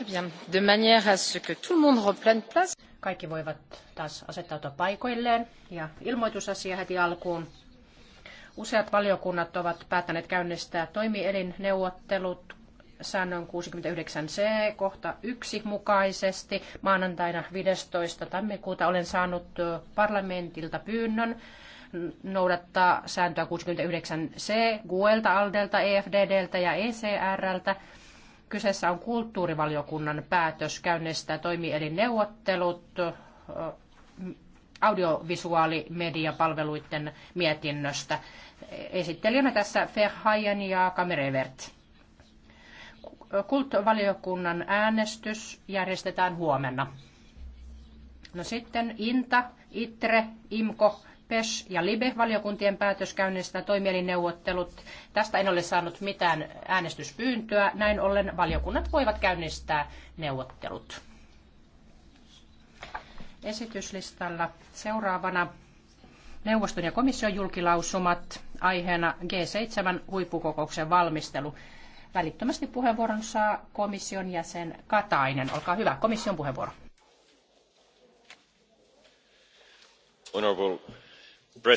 Eh de Kaikki voivat taas asettautua paikoilleen ja ilmoitusasia heti alkuun. Useat valiokunnat ovat päättäneet käynnistää toimielinneuvottelut säännön 69c kohta 1 mukaisesti. Maanantaina 15. tammikuuta olen saanut parlamentilta pyynnön noudattaa sääntöä 69c Guelta, Aldelta, EFDDltä ja ECRltä Kyseessä on kulttuurivaliokunnan päätös käynnistää toimielinneuvottelut audiovisuaalimediapalveluiden mietinnöstä. Esittelijänä tässä Ferhajen ja Kamerevert. Kulttuurivaliokunnan äänestys järjestetään huomenna. No sitten Inta, Itre, Imko PES ja LIBE-valiokuntien päätös käynnistää toimielinneuvottelut. Tästä en ole saanut mitään äänestyspyyntöä. Näin ollen valiokunnat voivat käynnistää neuvottelut. Esityslistalla seuraavana neuvoston ja komission julkilausumat aiheena G7 huippukokouksen valmistelu. Välittömästi puheenvuoron saa komission jäsen Katainen. Olkaa hyvä, komission puheenvuoro. Honorable puhemies